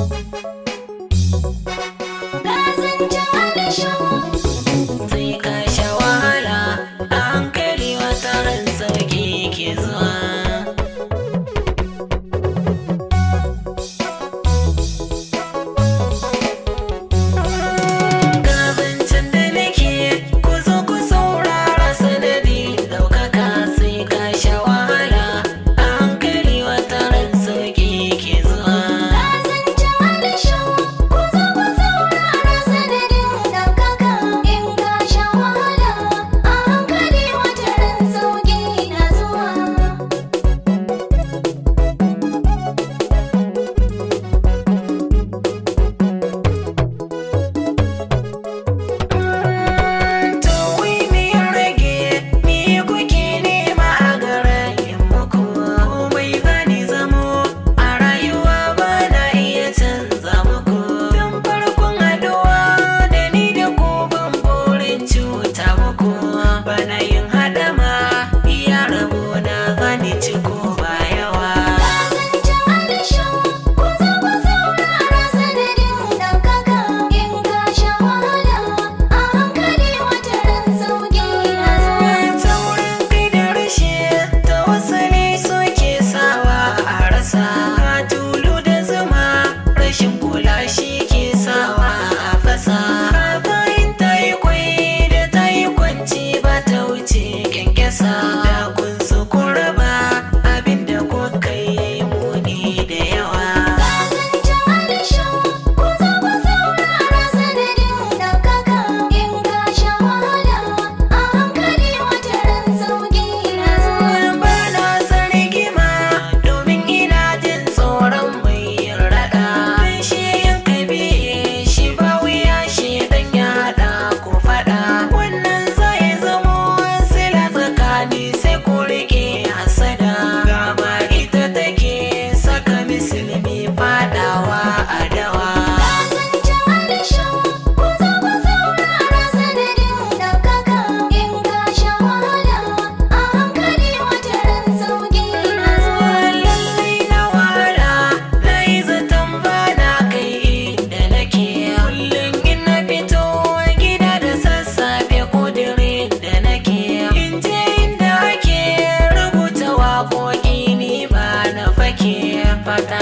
Thank you. pata